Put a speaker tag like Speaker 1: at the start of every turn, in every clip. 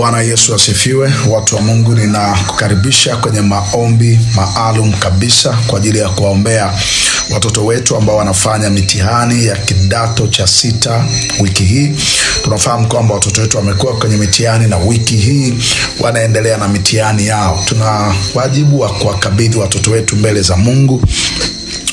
Speaker 1: Bwana Yesu asifiwe. Watu wa Mungu, ninakukaribisha kwenye maombi maalum kabisa kwa ajili ya kuwaombea watoto wetu ambao wanafanya mitihani ya kidato cha sita wiki hii. Tunafahamu kwamba watoto wetu wamekuwa kwenye mitihani na wiki hii wanaendelea na mitihani yao. Tuna wajibu wa kuwakabidhi watoto wetu mbele za Mungu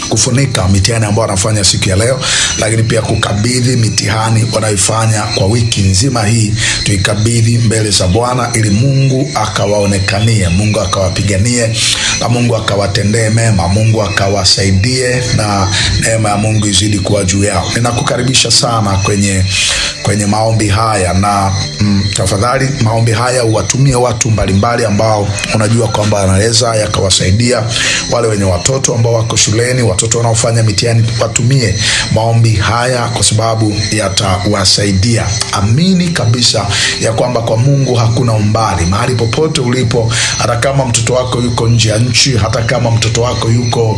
Speaker 1: kufunika mitihani ambayo wanafanya siku ya leo, lakini pia kukabidhi mitihani wanayoifanya kwa wiki nzima hii, tuikabidhi mbele za Bwana ili Mungu akawaonekanie, Mungu akawapiganie na Mungu akawatendee mema, Mungu akawasaidie na neema ya Mungu izidi kuwa juu yao. Ninakukaribisha sana kwenye kwenye maombi haya na mm, tafadhali maombi haya uwatumie watu mbalimbali ambao unajua kwamba anaweza yakawasaidia, wale wenye watoto ambao wako shuleni wa watoto wanaofanya mitihani watumie maombi haya kwa sababu yatawasaidia. Amini kabisa ya kwamba kwa Mungu hakuna umbali. Mahali popote ulipo, hata kama mtoto wako yuko nje ya nchi, hata kama mtoto wako yuko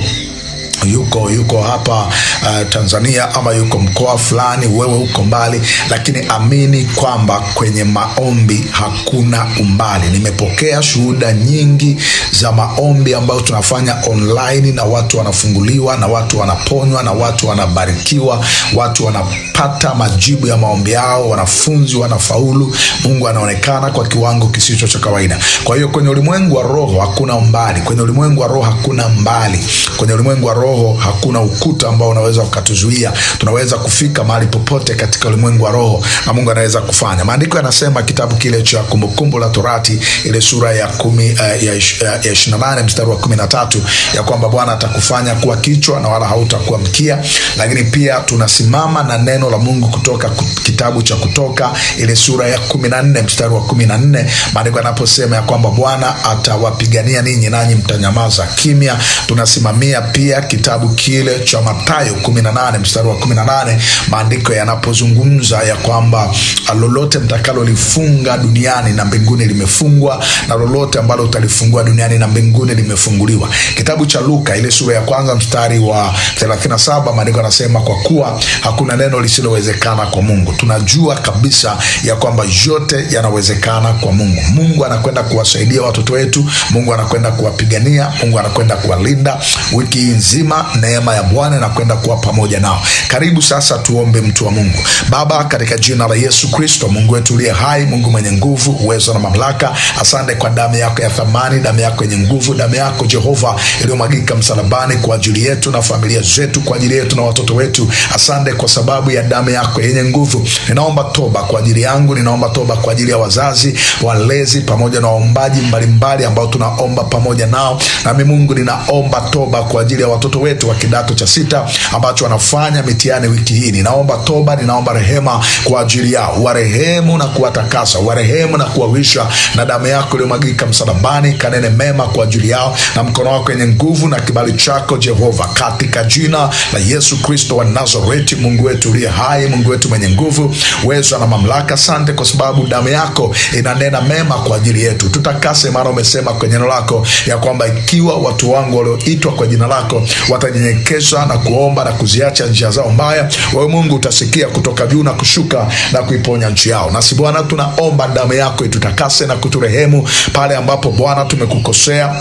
Speaker 1: yuko yuko hapa uh, Tanzania ama yuko mkoa fulani, wewe uko mbali, lakini amini kwamba kwenye maombi hakuna umbali. Nimepokea shuhuda nyingi za maombi ambayo tunafanya online na watu wanafunguliwa na watu wanaponywa na watu wanabarikiwa, watu wana wanapata majibu ya maombi yao, wanafunzi wanafaulu, Mungu anaonekana kwa kiwango kisicho cha kawaida. Kwa hiyo kwenye ulimwengu wa roho hakuna mbali, kwenye ulimwengu wa roho hakuna mbali, kwenye ulimwengu wa roho hakuna ukuta ambao unaweza ukatuzuia. Tunaweza kufika mahali popote katika ulimwengu wa roho, na Mungu anaweza kufanya. Maandiko yanasema kitabu kile cha Kumbukumbu la Torati ile sura ya kumi, uh, ya eh, ya, na nane mstari wa kumi na tatu ya kwamba Bwana atakufanya kuwa kichwa na wala hautakuwa mkia. Lakini pia tunasimama na neno neno la Mungu kutoka kitabu cha Kutoka ile sura ya kumi na nne mstari wa kumi na nne maandiko yanaposema ya kwamba Bwana atawapigania ninyi nanyi mtanyamaza kimya. Tunasimamia pia kitabu kile cha Mathayo kumi na nane mstari wa kumi na nane maandiko yanapozungumza ya kwamba ah, lolote mtakalolifunga duniani na mbinguni limefungwa na lolote ambalo utalifungua duniani na mbinguni limefunguliwa. Kitabu cha Luka ile sura ya kwanza mstari wa 37 maandiko yanasema kwa kuwa hakuna neno lisilowezekana kwa Mungu. Tunajua kabisa ya kwamba yote yanawezekana kwa Mungu. Mungu anakwenda kuwasaidia watoto wetu, Mungu anakwenda kuwapigania, Mungu anakwenda kuwalinda. Wiki nzima neema ya Bwana inakwenda kuwa pamoja nao. Karibu sasa tuombe, mtu wa Mungu. Baba, katika jina la Yesu Kristo, Mungu wetu uliye hai, Mungu mwenye nguvu, uwezo na mamlaka, asante kwa damu yako ya thamani, damu yako yenye nguvu, damu yako Jehova iliyomwagika msalabani kwa ajili yetu na familia zetu, kwa ajili yetu na watoto wetu. Asante kwa sababu ya damu yako yenye nguvu. Ninaomba toba kwa ajili yangu, ninaomba toba kwa ajili ya wazazi, walezi, pamoja na waombaji mbalimbali ambao tunaomba pamoja nao. Nami Mungu, ninaomba toba kwa ajili ya watoto wetu wa kidato cha sita ambacho wanafanya mitihani wiki hii. Ninaomba toba, ninaomba rehema kwa ajili yao, warehemu na kuwatakasa, warehemu na kuwawisha na damu yako iliyomwagika msalabani. Kanene mema kwa ajili yao na mkono wako yenye nguvu na kibali chako Jehova, katika jina la Yesu Kristo wa Nazareti, Mungu wetu uliye hai, Mungu wetu mwenye nguvu, uweza na mamlaka. Asante kwa sababu damu yako inanena mema kwa ajili yetu. Tutakase mara, umesema kwenye neno lako ya kwamba ikiwa watu wangu walioitwa kwa jina lako watanyenyekeza na kuomba na kuziacha njia zao mbaya, wewe Mungu utasikia kutoka juu na kushuka na kuiponya nchi yao. Nasi Bwana, tunaomba damu yako itutakase na kuturehemu pale ambapo Bwana tumekukosea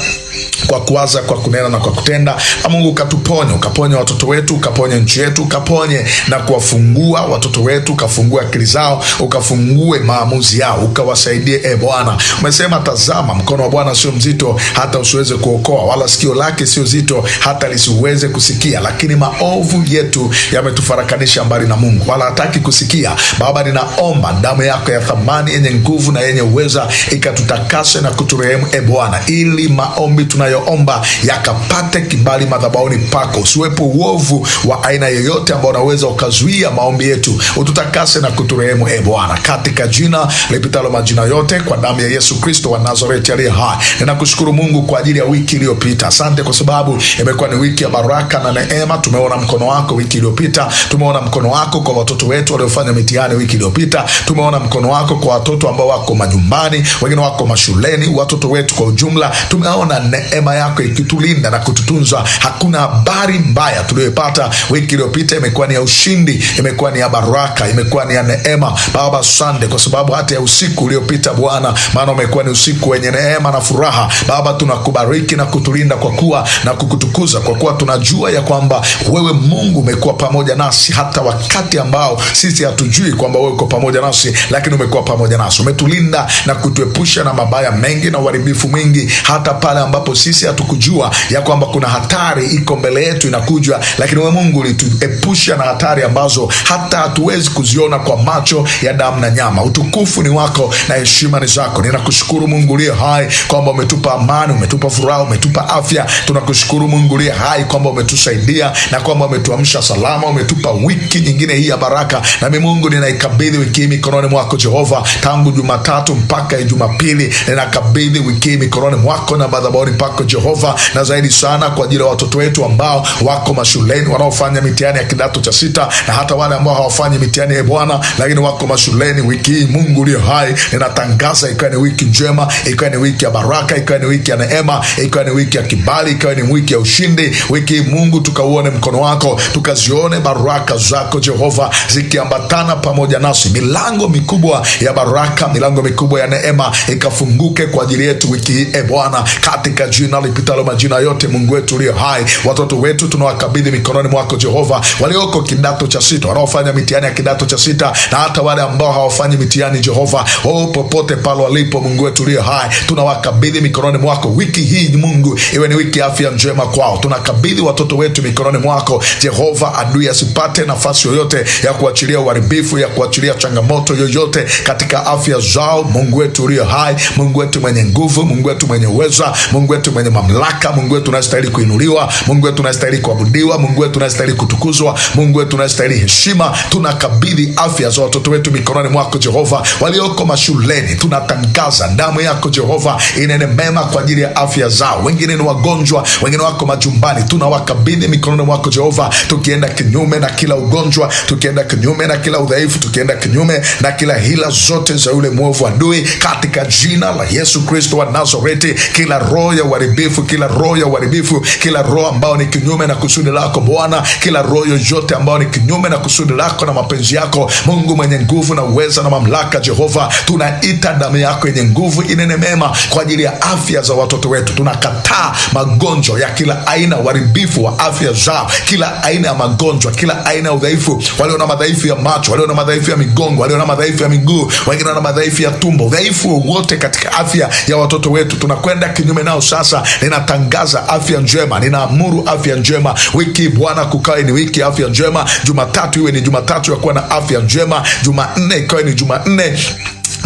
Speaker 1: kwa kuwaza, kwa kunena na kwa kutenda, na Mungu ukatuponye, ukaponye watoto wetu, ukaponye nchi yetu, ukaponye na kuwafu ukafungua watoto wetu, ukafungua akili zao, ukafungue maamuzi yao, ukawasaidie e Bwana. Umesema, tazama mkono wa Bwana sio mzito hata usiweze kuokoa, wala sikio lake sio zito hata lisiweze kusikia, lakini maovu yetu yametufarakanisha mbali na Mungu, wala hataki kusikia. Baba, ninaomba damu yako ya thamani yenye nguvu na yenye uweza ikatutakase na kuturehemu e Bwana, ili maombi tunayoomba yakapate kibali madhabahuni pako, usiwepo uovu wa aina yoyote ambao unaweza ukazuia Sikia maombi yetu, ututakase na kuturehemu, e Bwana, katika jina lipitalo majina yote, kwa damu ya Yesu Kristo wa Nazareti aliye hai. Ninakushukuru Mungu kwa ajili ya wiki iliyopita. Asante kwa sababu imekuwa ni wiki ya baraka na neema. Tumeona mkono wako wiki iliyopita, tumeona mkono wako kwa watoto wetu waliofanya mitihani wiki iliyopita, tumeona mkono wako kwa watoto ambao wako majumbani, wengine wako mashuleni, watoto wetu kwa ujumla. Tumeona neema yako ikitulinda na kututunza. Hakuna habari mbaya tuliyoipata wiki iliyopita, imekuwa ni ya ushindi imekuwa ni ya baraka, imekuwa ni ya neema. Baba, sande kwa sababu hata ya usiku uliopita Bwana, maana umekuwa ni usiku wenye neema na furaha. Baba, tunakubariki na kutulinda kwa kuwa na kukutukuza kwa kuwa tunajua ya kwamba wewe Mungu umekuwa pamoja nasi hata wakati ambao sisi hatujui kwamba wewe uko pamoja nasi, lakini umekuwa pamoja nasi, umetulinda na kutuepusha na mabaya mengi na uharibifu mwingi, hata pale ambapo sisi hatukujua ya kwamba kuna hatari iko mbele yetu inakujwa lakini wewe Mungu ulituepusha na hatari ambazo hata hatuwezi kuziona kwa macho ya damu na nyama. Utukufu ni wako na heshima ni zako. Ninakushukuru Mungu uliye hai kwamba umetupa amani, umetupa furaha, umetupa afya. Tunakushukuru Mungu uliye hai kwamba umetusaidia na kwamba umetuamsha salama, umetupa wiki nyingine hii ya baraka. Nami Mungu ninaikabidhi wiki hii mikononi mwako Jehova, tangu Jumatatu mpaka Jumapili ninakabidhi wiki hii mikononi mwako na madhabahuni pako Jehova, na zaidi sana kwa ajili ya watoto wetu ambao wako mashuleni wanaofanya mitihani ya kidato cha sita na hata wale ambao hawafanyi mitihani ya e Bwana, lakini wako mashuleni. Wiki hii Mungu ulio hai, ninatangaza ikawa ni wiki njema, ikawa ni wiki ya baraka, ikawa ni wiki ya neema, ikawa ni wiki ya kibali, ikawa ni wiki ya ushindi. Wiki hii Mungu, tukauone mkono wako, tukazione baraka zako Jehova zikiambatana pamoja nasi, milango mikubwa ya baraka, milango mikubwa ya neema ikafunguke kwa ajili yetu wiki hii e Bwana, katika jina lipitalo majina yote, Mungu wetu ulio hai, watoto wetu tunawakabidhi mikononi mwako Jehova, walioko kidato cha sita wanaofanya mitihani ya kidato cha sita na hata wale ambao hawafanyi mitihani. Jehova, oh, popote pale walipo, Mungu wetu uliye hai, tunawakabidhi mikononi mwako wiki hii. Mungu, iwe ni wiki afya njema kwao. Tunakabidhi watoto wetu mikononi mwako Jehova, adui asipate nafasi yoyote ya kuachilia uharibifu, ya kuachilia changamoto yoyote katika afya zao. Mungu wetu uliye hai, Mungu wetu mwenye nguvu, Mungu wetu mwenye uweza, Mungu wetu mwenye mamlaka, Mungu wetu unastahili kuinuliwa, Mungu wetu unastahili kuabudiwa, Mungu wetu unastahili kutukuzwa, Mungu wetu unastahili heshima. Tunakabidhi afya za watoto wetu mikononi mwako Jehova, walioko mashuleni, tunatangaza damu yako Jehova inene mema kwa ajili ya afya zao. Wengine ni wagonjwa, wengine wako majumbani, tunawakabidhi mikononi mwako Jehova, tukienda kinyume na kila ugonjwa, tukienda kinyume na kila udhaifu, tukienda kinyume na kila hila zote za yule mwovu adui, katika jina la Yesu Kristo wa Nazareti. Kila roho ya uharibifu, kila roho ya uharibifu, kila roho ambayo ni kinyume na kusudi lako Bwana, kila roho yoyote ambayo ni kinyume na kusudi lako na mapenzi yako. Mungu mwenye nguvu na uweza na mamlaka, Jehova, tunaita damu yako yenye nguvu inene mema kwa ajili ya afya za watoto wetu. Tunakataa magonjwa ya kila aina, uharibifu wa afya zao, kila aina ya magonjwa, kila aina ya udhaifu. Walio na madhaifu ya macho, walio na madhaifu ya migongo, walio na madhaifu ya miguu, wengine wana madhaifu ya tumbo, udhaifu wowote katika afya ya watoto wetu tunakwenda kinyume nao sasa. Ninatangaza afya njema, ninaamuru afya njema. Wiki Bwana kukawe ni wiki afya njema Jumatatu iwe ni Jumatatu ya kuwa na afya njema, Jumanne ikawe ni Jumanne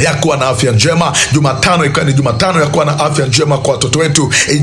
Speaker 1: ya kuwa na afya njema, Jumatano ikawa ni Jumatano ya kuwa na afya njema kwa watoto wetu, eh,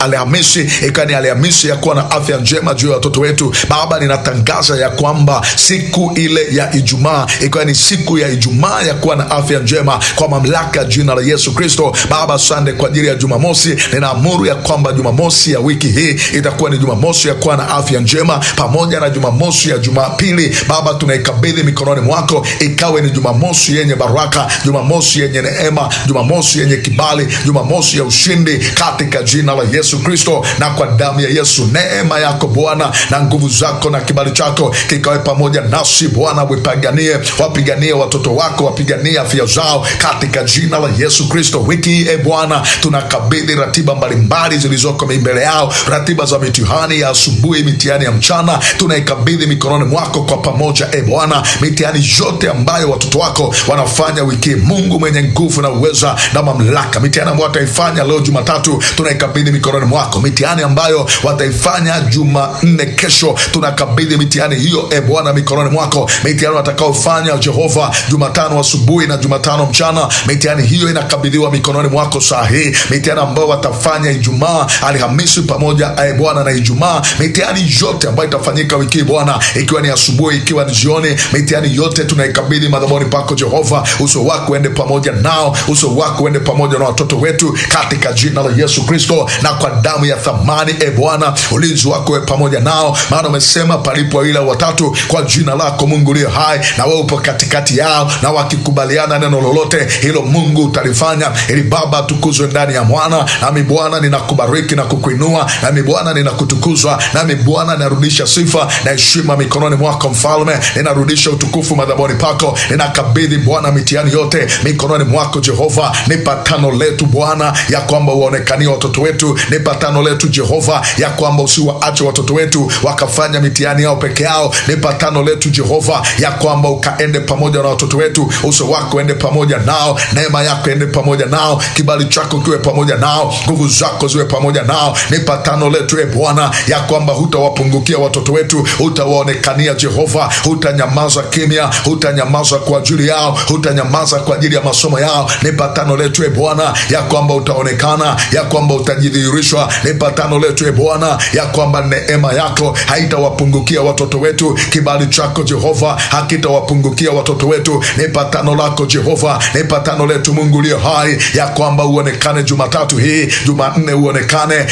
Speaker 1: Alhamisi ikawa ni Alhamisi ya kuwa na afya njema juu ya watoto wetu. Baba, ninatangaza ya kwamba siku ile ya Ijumaa ikawa ni siku ya Ijumaa ya kuwa na afya njema kwa mamlaka ya jina la Yesu Kristo. Baba, sande kwa ajili ya Jumamosi. Ninaamuru ya kwamba Jumamosi ya wiki hii itakuwa ni Jumamosi ya kuwa na afya njema pamoja na Jumamosi ya Jumapili. Baba, tunaikabidhi mikononi mwako, ikawe ni Jumamosi yenye baraka Jumamosi yenye neema, Jumamosi yenye kibali, Jumamosi ya ushindi katika jina la Yesu Kristo na kwa damu ya Yesu. Neema yako Bwana na nguvu zako na kibali chako kikawe pamoja nasi Bwana, wipiganie wapiganie watoto wako, wapiganie afya zao katika jina la Yesu Kristo. Wiki hii e Bwana, tunakabidhi ratiba mbalimbali zilizoko mbele yao, ratiba za mitihani ya asubuhi, mitihani ya mchana, tunaikabidhi mikononi mwako kwa pamoja e Bwana, mitihani yote ambayo watoto wako wanafanya wiki wiki. Mungu mwenye nguvu na uweza na mamlaka, mitihani ambayo wataifanya leo Jumatatu tunaikabidhi mikononi mwako. Mitihani ambayo wataifanya Jumanne kesho tunakabidhi mitihani hiyo, e Bwana, mikononi mwako. Mitihani watakaofanya Jehova Jumatano asubuhi na Jumatano mchana, mitihani hiyo inakabidhiwa mikononi mwako saa hii. Mitihani ambayo watafanya Ijumaa, Alhamisi pamoja e Bwana na Ijumaa, mitihani yote ambayo itafanyika wiki Bwana, ikiwa ni asubuhi, ikiwa ni jioni, mitihani yote tunaikabidhi madhaboni pako Jehova uso wako uende pamoja nao, uso wako uende pamoja na watoto wetu, katika jina la Yesu Kristo na kwa damu ya thamani. E Bwana, ulinzi wako we pamoja nao, maana umesema palipo wawili au watatu kwa jina lako Mungu ulio hai, na wewe upo katikati yao, na wakikubaliana neno lolote hilo Mungu utalifanya, ili Baba atukuzwe ndani ya Mwana. Nami Bwana ninakubariki na kukuinua, nami Bwana ninakutukuzwa, nami Bwana ninarudisha sifa na heshima mikononi mwako Mfalme, ninarudisha utukufu madhaboni pako, ninakabidhi Bwana mitihani yote mikononi mwako Jehova. Ni patano letu Bwana ya kwamba uwaonekanie watoto wetu, ni patano letu Jehova ya kwamba usiwaache watoto wetu wakafanya mitihani yao peke yao. Ni patano letu Jehova ya kwamba ukaende pamoja na watoto wetu, uso wako ende pamoja nao, neema yako ende pamoja nao, kibali chako kiwe pamoja nao, nguvu zako ziwe pamoja nao. Ni patano letu e Bwana ya kwamba hutawapungukia watoto wetu, hutawaonekania Jehova, hutanyamaza kimya, hutanyamaza kwa ajili yao, hutanyamaza kuanza kwa ajili ya masomo yao. Ni patano letu e Bwana ya kwamba utaonekana, ya kwamba utajidhihirishwa. Ni patano letu e Bwana ya kwamba neema yako haitawapungukia watoto wetu, kibali chako Jehova hakitawapungukia watoto wetu. Ni patano lako Jehova, ni patano letu Mungu ulio hai, ya kwamba uonekane Jumatatu hii, Jumanne uonekane,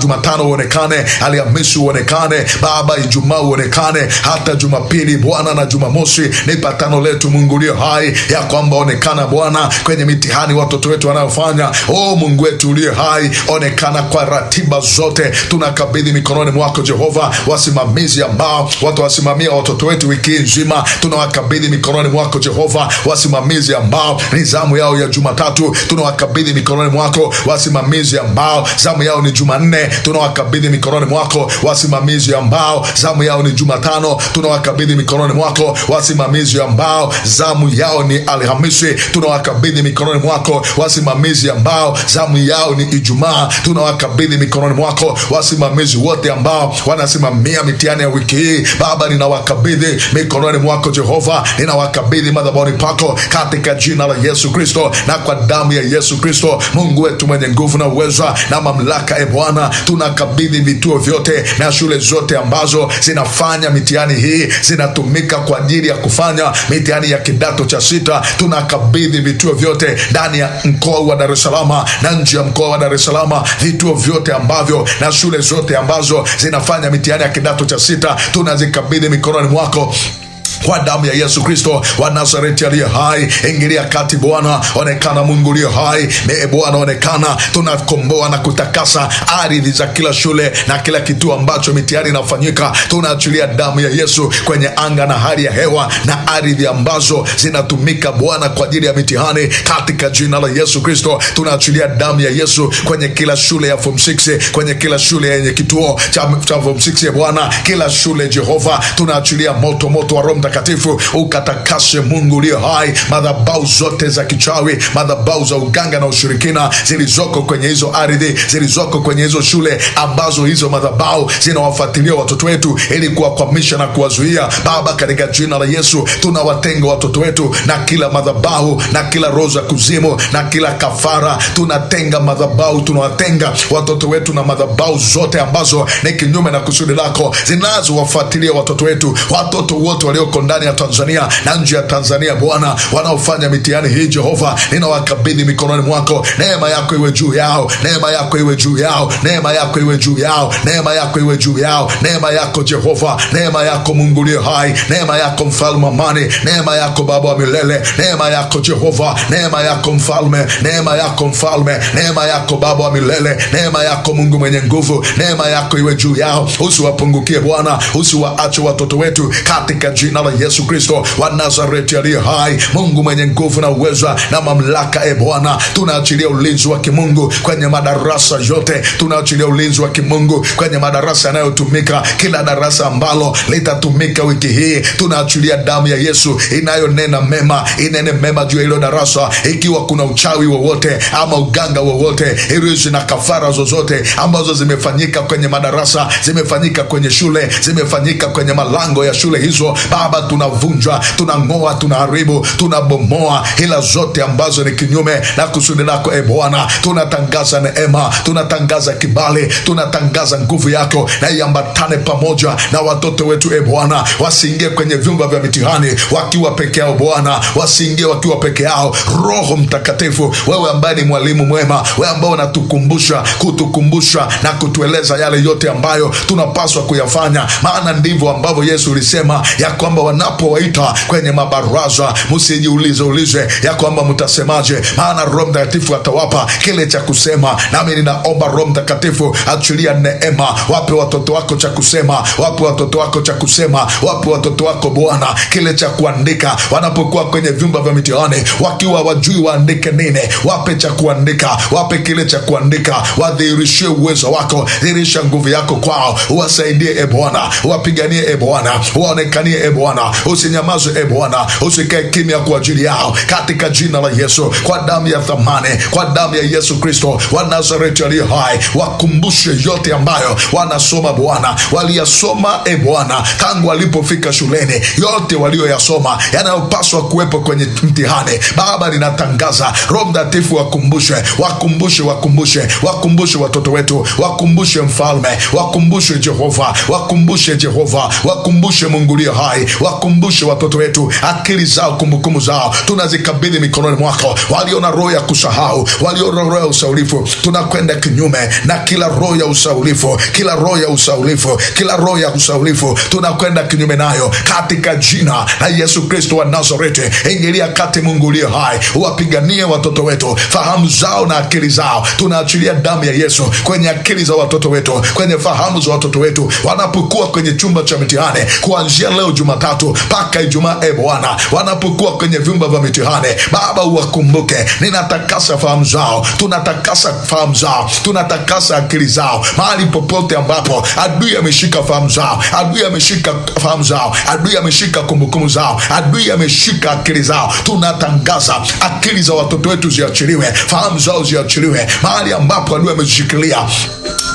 Speaker 1: Jumatano uonekane, Alhamisi uonekane Baba, Ijumaa uonekane, hata Jumapili Bwana na Jumamosi. Ni patano letu Mungu ulio hai, ya kwamba onekana Bwana kwenye mitihani watoto wetu wanayofanya. O Mungu wetu uliye hai, onekana kwa ratiba zote, tunakabidhi mikononi mwako Jehova wasimamizi ambao watawasimamia watoto wetu wiki nzima, tunawakabidhi mikononi mwako Jehova wasimamizi ambao ni zamu yao ya Jumatatu, tunawakabidhi mikononi mwako wasimamizi ambao zamu yao ni Jumanne, tunawakabidhi mikononi mwako wasimamizi ambao zamu yao ni Jumatano, tunawakabidhi mikononi mwako wasimamizi ambao zamu yao ni Alhamisi. Tunawakabidhi mikononi mwako wasimamizi ambao zamu yao ni Ijumaa. Tunawakabidhi mikononi mwako wasimamizi wote ambao wanasimamia mitihani ya wiki hii. Baba, ninawakabidhi mikononi mwako Jehova, ninawakabidhi madhabahuni pako katika jina la Yesu Kristo na kwa damu ya Yesu Kristo. Mungu wetu mwenye nguvu na uweza na mamlaka, e Bwana, tunakabidhi vituo vyote na shule zote ambazo zinafanya mitihani hii, zinatumika kwa ajili ya kufanya mitihani ya kidato cha sita vita. Tunakabidhi vituo vyote ndani ya mkoa wa Dar es Salaam na nje ya mkoa wa Dar es Salaam, vituo vyote ambavyo na shule zote ambazo zinafanya mitihani ya kidato cha sita tunazikabidhi mikononi mwako kwa damu ya Yesu Kristo wa Nazareti aliye hai, ingilia kati Bwana, onekana Mungu uliye hai, mee Bwana onekana. Tunakomboa na kutakasa ardhi za kila shule na kila kituo ambacho mitihani inafanyika, tunaachilia damu ya Yesu kwenye anga na hali ya hewa na ardhi ambazo zinatumika Bwana kwa ajili ya mitihani, katika jina la Yesu Kristo tunaachilia damu ya Yesu kwenye kila shule ya form 6 kwenye kila shule yenye kituo cha form 6 ya Bwana, kila shule Jehova, tunaachilia moto moto wa Roho Mtakatifu, ukatakase Mungu ulio hai madhabau zote za kichawi, madhabau za uganga na ushirikina zilizoko kwenye hizo ardhi, zilizoko kwenye hizo shule ambazo hizo madhabau zinawafuatilia watoto wetu ili kuwakwamisha na kuwazuia. Baba, katika jina la Yesu tunawatenga watoto wetu na kila madhabau na kila roho za kuzimu na kila kafara. Tunatenga madhabau tunawatenga watoto wetu na madhabau zote ambazo ni kinyume na kusudi lako zinazowafuatilia watoto wetu, watoto wote walioko wako ndani ya Tanzania na nje ya Tanzania, Bwana, wanaofanya mitihani hii, Jehova, ninawakabidhi mikononi mwako. Neema yako iwe juu yao, neema yako iwe juu yao, neema yako iwe juu yao, neema yako iwe juu yao, neema yako Jehova, neema yako Mungu liyo hai, neema yako mfalme amani, neema yako Baba wa milele, neema yako Jehova, neema yako mfalme, neema yako mfalme, neema yako Baba wa milele, neema yako Mungu mwenye nguvu, neema yako iwe juu yao, usiwapungukie Bwana, usiwaache watoto wetu katika jina la Bwana Yesu Kristo wa Nazareti aliye hai, Mungu mwenye nguvu na uweza na mamlaka. E Bwana, tunaachilia ulinzi wa kimungu kwenye madarasa yote, tunaachilia ulinzi wa kimungu kwenye madarasa yanayotumika, kila darasa ambalo litatumika wiki hii, tunaachilia damu ya Yesu inayonena mema, inene mema juu ya hilo darasa, ikiwa kuna uchawi wowote ama uganga wowote, irizi na kafara zozote ambazo zimefanyika kwenye madarasa, zimefanyika kwenye shule, zimefanyika kwenye malango ya shule hizo, Baba tunavunjwa, tunavunja, tunang'oa, tunaharibu, tunabomoa hila zote ambazo ni kinyume na kusudi lako e Bwana. Tunatangaza neema, tunatangaza kibali, tunatangaza nguvu yako na iambatane pamoja na watoto wetu e Bwana, wasiingie kwenye vyumba vya mitihani wakiwa peke yao Bwana, wasiingie wakiwa peke yao. Roho Mtakatifu, wewe ambaye ni mwalimu mwema, wewe ambaye unatukumbusha kutukumbusha na kutueleza yale yote ambayo tunapaswa kuyafanya, maana ndivyo ambavyo Yesu ulisema ya kwamba wanapowaita kwenye mabaraza, msijiulize ulize ya kwamba mtasemaje, maana Roho Mtakatifu atawapa kile cha kusema. Nami ninaomba Roho Mtakatifu, achilia neema, wape watoto wako cha kusema, wape watoto wako cha kusema, wape watoto wako Bwana kile cha kuandika, wanapokuwa kwenye vyumba vya mitihani, wakiwa wajui waandike nini, wape cha kuandika, wape kile cha kuandika, wadhihirishie uwezo wako, dhihirisha nguvu yako kwao, uwasaidie e Bwana, uwapiganie e Bwana, uwaonekanie e Bwana Bwana, usinyamaze e Bwana, usikae kimya kwa ajili yao katika jina la Yesu, kwa damu ya thamani, kwa damu ya Yesu Kristo wa Nazareti aliye hai, wakumbushe yote ambayo wanasoma Bwana, waliyasoma e Bwana tangu walipofika shuleni, yote walioyasoma yanayopaswa kuwepo kwenye mtihani. Baba, ninatangaza Roho Mtakatifu wakumbushe, wakumbushe, wakumbushe, wakumbushe watoto wetu, wakumbushe Mfalme, wakumbushe Jehova, wakumbushe Jehova, wakumbushe Mungu hai wakumbushe watoto wetu akili zao, kumbukumbu zao tunazikabidhi mikononi mwako. Walio na roho ya kusahau, walio na roho ya usaulifu, tunakwenda kinyume na kila roho ya usaulifu, kila roho ya usaulifu, kila roho ya usaulifu, tunakwenda kinyume nayo katika jina la Yesu Kristo wa Nazareti. Ingilia kati, Mungu uliye hai, uwapiganie watoto wetu, fahamu zao na akili zao. Tunaachilia damu ya Yesu kwenye akili za watoto wetu, kwenye fahamu za watoto wetu, wanapokuwa kwenye chumba cha mitihani kuanzia leo Jumatatu Jumatatu mpaka Ijumaa. E Bwana, wanapokuwa kwenye vyumba vya mitihani, Baba uwakumbuke. Ninatakasa fahamu zao, tunatakasa fahamu zao, tunatakasa akili zao, mahali popote ambapo adui ameshika fahamu zao, adui ameshika fahamu zao, adui ameshika kumbukumbu zao, adui ameshika akili zao, tunatangaza akili za watoto wetu ziachiliwe, fahamu zao ziachiliwe, mahali ambapo adui amezishikilia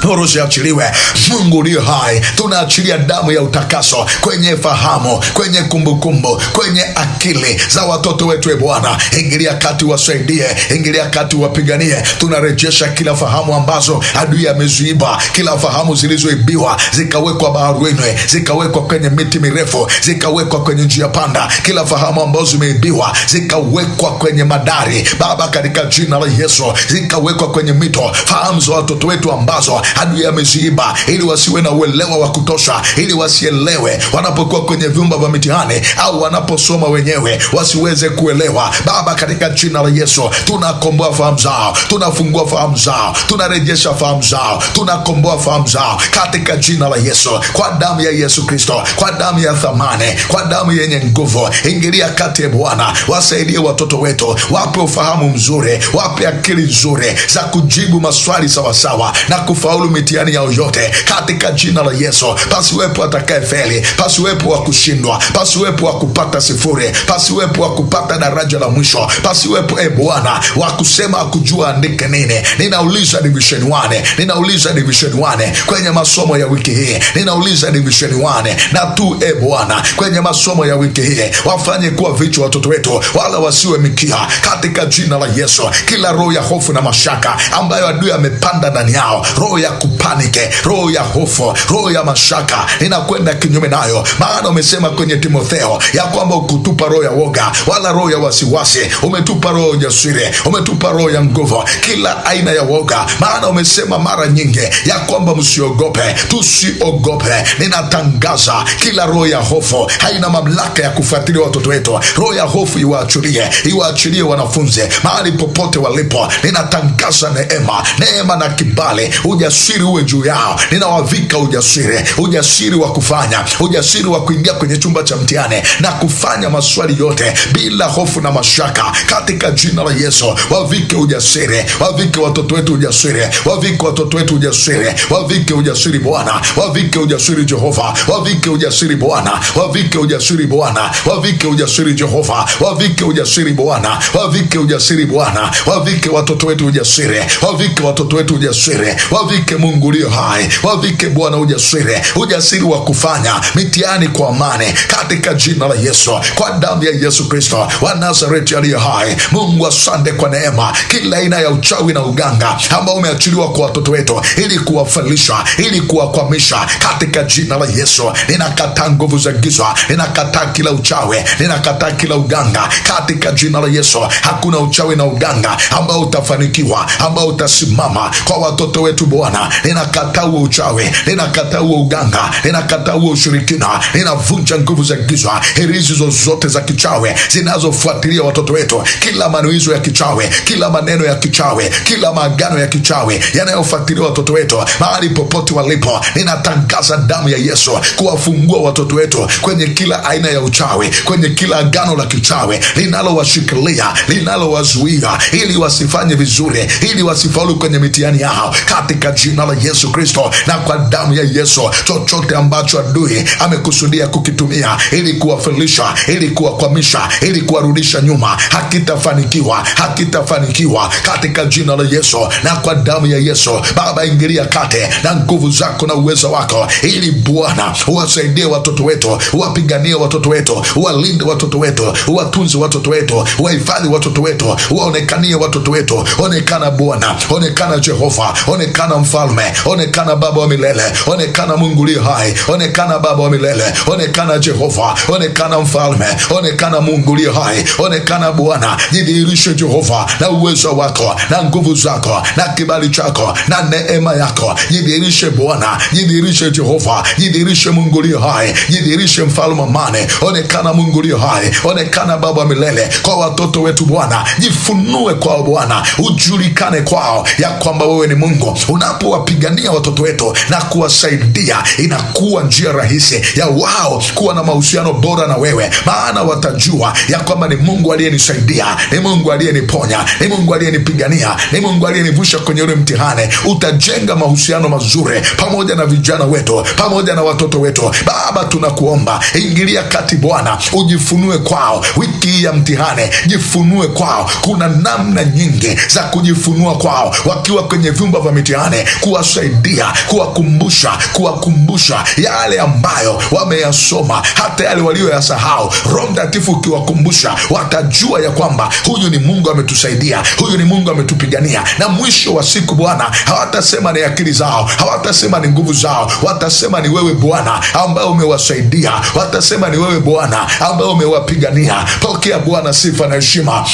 Speaker 1: Huru ziachiliwe. Mungu ulio hai, tunaachilia damu ya utakaso kwenye fahamu, kwenye kumbukumbu kwenye akili za watoto wetu. E Bwana, ingilia kati, wasaidie, ingilia kati, wapiganie. Tunarejesha kila fahamu ambazo adui ameziiba, kila fahamu zilizoibiwa zikawekwa baharini, zikawekwa kwenye miti mirefu, zikawekwa kwenye njia panda, kila fahamu ambazo zimeibiwa zikawekwa kwenye madari, Baba, katika jina la Yesu, zikawekwa kwenye mito, fahamu za watoto wetu ambazo adui ameziiba, ili wasiwe na uelewa wa kutosha, ili wasielewe wanapokuwa kwenye vyumba vya mitihani au wanaposoma wenyewe wasiweze kuelewa. Baba, katika jina la Yesu tunakomboa fahamu zao, tunafungua fahamu zao, tunarejesha fahamu zao, tunakomboa fahamu zao katika jina la Yesu, kwa damu ya Yesu Kristo, kwa damu ya thamani, kwa damu yenye nguvu. Ingilia kati ya Bwana, wasaidie watoto wetu, wape ufahamu mzuri, wape akili nzuri za kujibu maswali sawasawa na kufa kufaulu mitihani yao yote katika jina la Yesu. Pasiwepo feli pasiwepo wa kushindwa, pasiwepo wa kupata sifuri, pasiwepo wa kupata daraja la mwisho, pasiwepo e Bwana wa kusema akujua andike nini. Ninauliza division wane ninauliza division 1 kwenye masomo ya wiki hii, ninauliza division 1 na tu e Bwana kwenye masomo ya wiki hii, wafanye kuwa vichwa watoto wetu, wala wasiwe mikia, katika jina la Yesu. Kila roho ya hofu na mashaka ambayo adui amepanda ndani yao roho ya kupanike, roho ya hofu, roho ya mashaka inakwenda kinyume nayo, maana umesema kwenye Timotheo ya kwamba ukutupa roho ya woga wala roho ya wasiwasi, umetupa roho ya ujasiri, umetupa roho ya nguvu, kila aina ya woga. Maana umesema mara nyingi ya kwamba msiogope, tusiogope. Ninatangaza kila roho ya hofu haina mamlaka ya kufuatilia watoto wetu. Roho ya hofu iwaachilie, iwaachilie wanafunzi mahali popote walipo. Ninatangaza neema, neema na kibali uja ujasiri uwe juu yao, ninawavika ujasiri, ujasiri wa kufanya, ujasiri wa kuingia kwenye chumba cha mtihani na kufanya maswali yote bila hofu na mashaka, katika jina la Yesu. Wavike ujasiri, wavike watoto wetu ujasiri, wavike watoto wetu ujasiri, wavike ujasiri Bwana, wavike ujasiri Jehova, wavike ujasiri Bwana, wavike ujasiri Bwana, wavike ujasiri Jehova, wavike ujasiri Bwana, wavike ujasiri Bwana, wavike watoto wetu ujasiri, wavike watoto wetu ujasiri, wavike wavike Mungu ulio hai, wavike Bwana ujasiri, ujasiri wa kufanya mitihani kwa amani, katika jina la Yesu, kwa damu ya Yesu Kristo wa Nazareti aliyo hai. Mungu, asante kwa neema, kila aina ya uchawi na uganga ambao umeachiliwa kwa watoto wetu ili kuwafalisha, ili kuwakwamisha, katika jina la Yesu ninakataa nguvu za giza, ninakataa kila uchawi, ninakataa kila uganga katika jina la Yesu. Hakuna uchawi na uganga ambao utafanikiwa, ambao utasimama kwa watoto wetu Bwana. Bwana linakataa huo uchawi, linakataa huo uganga, linakataa huo ushirikina, linavunja nguvu za giza, herizi zozote za kichawi zinazofuatilia watoto wetu, kila manuizo ya kichawi, kila maneno ya kichawi, kila maagano ya kichawi yanayofuatilia watoto wetu mahali popote walipo, ninatangaza damu ya Yesu kuwafungua watoto wetu kwenye kila aina ya uchawi, kwenye kila agano la kichawi linalowashikilia, linalowazuia ili wasifanye vizuri, ili wasifaulu kwenye mitihani yao katika jina la Yesu Kristo na kwa damu ya Yesu, chochote ambacho adui amekusudia kukitumia ili kuwafilisha, ili kuwakwamisha, ili kuwarudisha nyuma, hakitafanikiwa, hakitafanikiwa katika jina la Yesu na kwa damu ya Yesu. Baba, ingilia kate na nguvu zako na uwezo wako, ili Bwana uwasaidie watoto wetu, uwapiganie watoto wetu, uwalinde watoto wetu, uwatunze watoto wetu, uwahifadhi watoto wetu, uwaonekanie watoto wetu. Onekana Bwana, onekana Jehova, onekana mfalme mfalme, onekana Baba wa milele, onekana Mungu uliye hai, onekana Baba wa milele, onekana Jehova, onekana mfalme, onekana Mungu uliye hai, onekana Bwana. Jidhihirishe Jehova, na uwezo wako na nguvu zako na kibali chako na neema yako, jidhihirishe Bwana, jidhihirishe Jehova, jidhihirishe Mungu uliye hai, jidhihirishe mfalme amani, onekana Mungu uliye hai, onekana Baba wa milele kwa watoto wetu Bwana, jifunue kwao Bwana, ujulikane kwao ya kwamba wewe ni Mungu unapo tunapowapigania watoto wetu na kuwasaidia, inakuwa njia rahisi ya wao kuwa na mahusiano bora na wewe, maana watajua ya kwamba ni Mungu aliyenisaidia, ni Mungu aliyeniponya, ni Mungu aliyenipigania, ni Mungu aliyenivusha kwenye ule mtihani. Utajenga mahusiano mazuri pamoja na vijana wetu, pamoja na watoto wetu. Baba, tunakuomba ingilia kati Bwana, ujifunue kwao wiki hii ya mtihani, jifunue kwao. Kuna namna nyingi za kujifunua kwao wakiwa kwenye vyumba vya mitihani kuwasaidia, kuwakumbusha, kuwakumbusha yale ambayo wameyasoma, hata yale walioyasahau. Roho Mtakatifu ukiwakumbusha, watajua ya kwamba huyu ni Mungu ametusaidia, huyu ni Mungu ametupigania. Na mwisho wa siku, Bwana, hawatasema ni akili zao, hawatasema ni nguvu zao, watasema ni wewe Bwana ambaye umewasaidia, watasema ni wewe Bwana ambaye umewapigania. Pokea Bwana sifa na heshima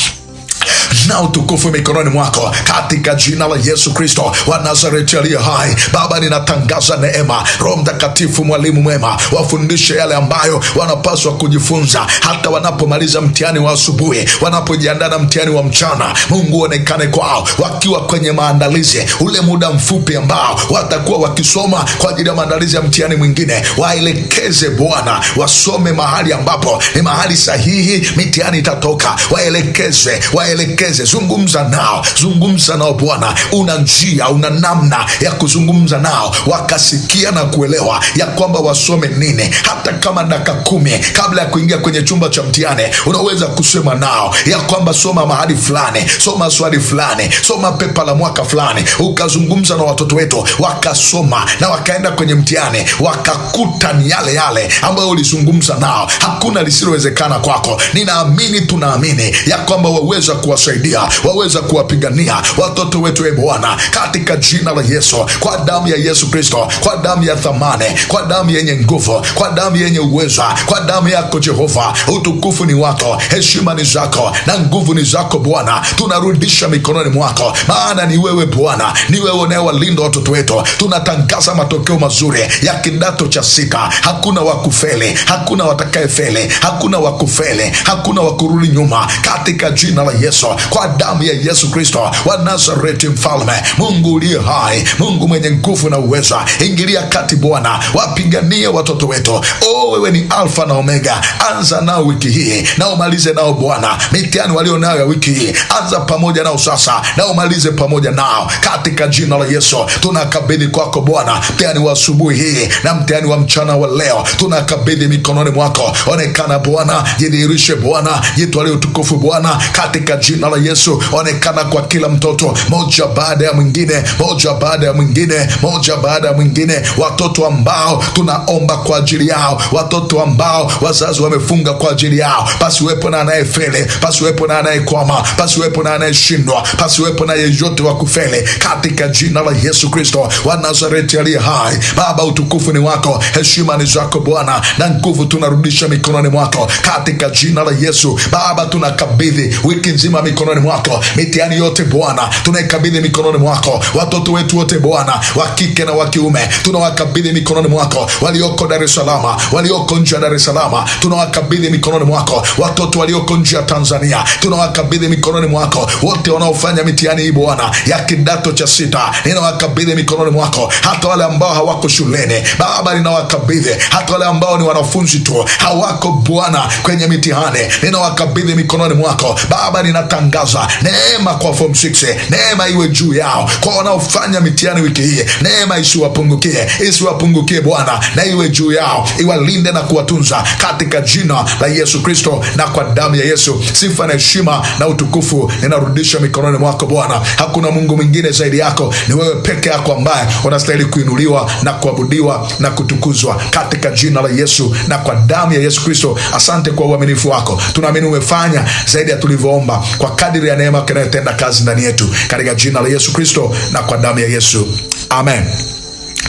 Speaker 1: na utukufu mikononi mwako katika jina la Yesu Kristo wa Nazareti aliye hai. Baba, ninatangaza neema, Roho Mtakatifu, mwalimu mwema, wafundishe yale ambayo wanapaswa kujifunza, hata wanapomaliza mtihani wa asubuhi, wanapojiandaa na mtihani wa mchana. Mungu onekane kwao wakiwa kwenye maandalizi, ule muda mfupi ambao watakuwa wakisoma kwa ajili ya maandalizi ya mtihani mwingine, waelekeze Bwana, wasome mahali ambapo ni mahali sahihi mitihani itatoka, waelekeze waelekeze waelekeze, zungumza nao, zungumza nao Bwana. Una njia, una namna ya kuzungumza nao wakasikia na kuelewa ya kwamba wasome nini. Hata kama dakika kumi kabla ya kuingia kwenye chumba cha mtihani, unaweza kusema nao ya kwamba soma mahali fulani, soma swali fulani, soma pepa la mwaka fulani, ukazungumza na watoto wetu wakasoma na wakaenda kwenye mtihani wakakuta ni yale yale ambayo ulizungumza nao. Hakuna lisilowezekana kwako. Ninaamini, tunaamini ya kwamba waweza kuwasaidia kuwasaidia, waweza kuwapigania watoto wetu, e Bwana, katika jina la Yesu, kwa damu ya Yesu Kristo, kwa damu ya thamani, kwa damu yenye nguvu, kwa damu yenye uweza, kwa damu yako Jehova. Utukufu ni wako, heshima ni zako, na nguvu ni zako Bwana. Tunarudisha mikononi mwako, maana ni wewe Bwana, ni wewe unayewalinda watoto wetu. Tunatangaza matokeo mazuri ya kidato cha sita. Hakuna wakufeli, hakuna watakaefeli, hakuna wakufeli, hakuna wakurudi nyuma, katika jina la Yesu kwa damu ya Yesu Kristo wa Nazareti, mfalme Mungu uliye hai, Mungu mwenye nguvu na uweza, ingilia kati Bwana, wapiganie watoto wetu. O wewe ni Alfa na Omega, anza nao wiki hii na umalize nao Bwana. Mitihani walio nayo ya wiki hii, anza pamoja nao sasa na umalize pamoja nao, katika jina la Yesu tunakabidhi kwako Bwana mtihani wa asubuhi hii na mtihani wa mchana wa leo, tunakabidhi mikononi mwako. Onekana Bwana, jidhihirishe Bwana, jitwalie utukufu Bwana, katika jina la Yesu, onekana kwa kila mtoto, moja baada ya mwingine, moja baada ya mwingine, moja baada ya mwingine, watoto ambao tunaomba kwa ajili yao, watoto ambao wazazi wamefunga kwa ajili yao. Pasiwepo na anayefele pasiwepo na anayekwama, pasiwepo na anayeshindwa, pasiwepo na yeyote wa kufele, katika jina la Yesu Kristo wa Nazareti aliye hai. Baba, utukufu ni wako, heshima ni zako Bwana, na nguvu tunarudisha mikononi mwako, katika jina la Yesu. Baba, tunakabidhi wiki nzima mikononi mwako. Mitihani yote Bwana tunaikabidhi mikononi mwako. Watoto wetu wote Bwana, wa kike na wa kiume, tunawakabidhi mikononi mwako. Walioko Dar es Salaam, walioko nje ya Dar es Salaam, tunawakabidhi mikononi mwako. Watoto walioko nje ya Tanzania, tunawakabidhi mikononi mwako. Wote wanaofanya mitihani hii Bwana ya kidato cha sita, ninawakabidhi mikononi mwako. Hata wale ambao hawako shuleni Baba, ninawakabidhi hata wale ambao ni wanafunzi tu hawako Bwana kwenye mitihani, ninawakabidhi mikononi mwako Baba, ninatangaza kutangaza neema kwa form 6, neema iwe juu yao kwa wanaofanya mitihani wiki hii, neema isiwapungukie, isiwapungukie Bwana, na iwe juu yao, iwalinde na kuwatunza katika jina la Yesu Kristo na kwa damu ya Yesu. Sifa na heshima na utukufu ninarudisha mikononi mwako Bwana. Hakuna Mungu mwingine zaidi yako, ni wewe peke yako ambaye unastahili kuinuliwa na kuabudiwa na kutukuzwa katika jina la Yesu na kwa damu ya Yesu Kristo. Asante kwa uaminifu wako, tunaamini umefanya zaidi ya tulivyoomba kwa kadiri ya neema inayotenda kazi ndani yetu, katika jina la Yesu Kristo na kwa damu ya Yesu, amen.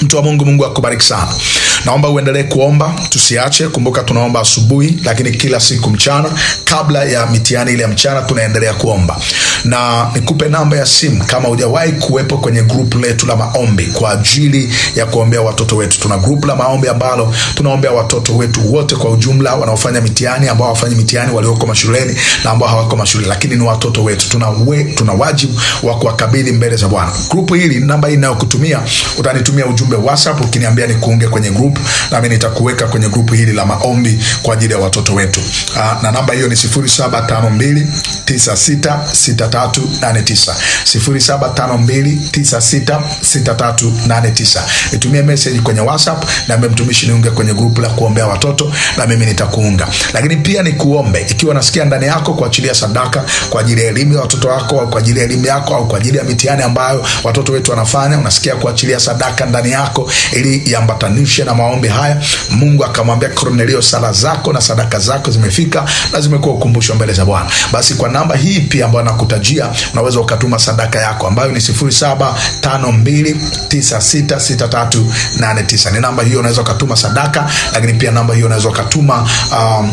Speaker 1: Mtu wa Mungu, Mungu akubariki sana. Naomba uendelee kuomba, tusiache. Kumbuka tunaomba asubuhi, lakini kila siku mchana, kabla ya mitihani ile ya mchana tunaendelea kuomba. Na nikupe namba ya simu kama hujawahi kuwepo kwenye grupu letu la maombi kwa ajili ya kuombea watoto wetu. Tuna grupu la maombi ambalo tunaombea watoto wetu wote kwa ujumla, wanaofanya mitihani, ambao hawafanyi mitihani, walioko mashuleni na ambao hawako mashuleni, lakini ni watoto wetu. Tuna, we, tuna wajibu wa kuwakabidhi mbele za Bwana. Grupu hili namba hii inayokutumia, utanitumia ujumbe WhatsApp ukiniambia nikuunge kwenye grupu group, nami nitakuweka kwenye grupu hili la maombi kwa ajili ya watoto wetu. Aa, ah, na namba hiyo ni 0752 0752966389. Nitumie message kwenye WhatsApp na mimi mtumishi niunge kwenye grupu la kuombea watoto, na mimi nitakuunga. Lakini pia ni kuombe ikiwa nasikia ndani yako kuachilia sadaka kwa ajili ya elimu ya watoto wako au kwa ajili ya elimu yako au kwa ajili ya mitihani ambayo watoto wetu wanafanya, unasikia kuachilia sadaka ndani yako ili iambatanishe na maombi haya, Mungu akamwambia Kornelio, sala zako na sadaka zako zimefika na zimekuwa ukumbusho mbele za Bwana. Basi kwa namba hii pia ambayo nakutajia unaweza ukatuma sadaka yako ambayo ni 0752966389 ni namba hiyo, unaweza ukatuma sadaka, lakini pia namba hiyo unaweza ukatuma um,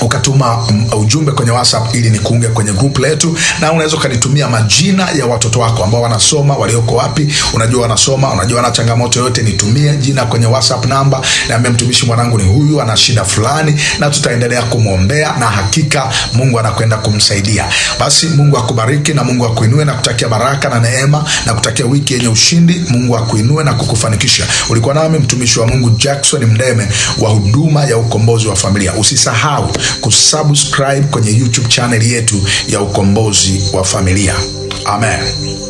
Speaker 1: ukatuma mm, ujumbe kwenye WhatsApp ili nikuunge kwenye group letu, na unaweza ukanitumia majina ya watoto wako ambao wanasoma, walioko wapi, unajua wanasoma, unajua na changamoto yote, nitumie jina kwenye WhatsApp namba, niambie mtumishi mwanangu ni huyu, ana shida fulani, na tutaendelea kumwombea na hakika Mungu anakwenda kumsaidia. Basi Mungu akubariki na Mungu akuinue na kutakia baraka na neema na kutakia wiki yenye ushindi. Mungu akuinue na kukufanikisha. Ulikuwa nami mtumishi wa Mungu Jackson Mndeme wa huduma ya ukombozi wa familia. Usisahau kusubscribe kwenye YouTube channel yetu ya Ukombozi wa Familia. Amen.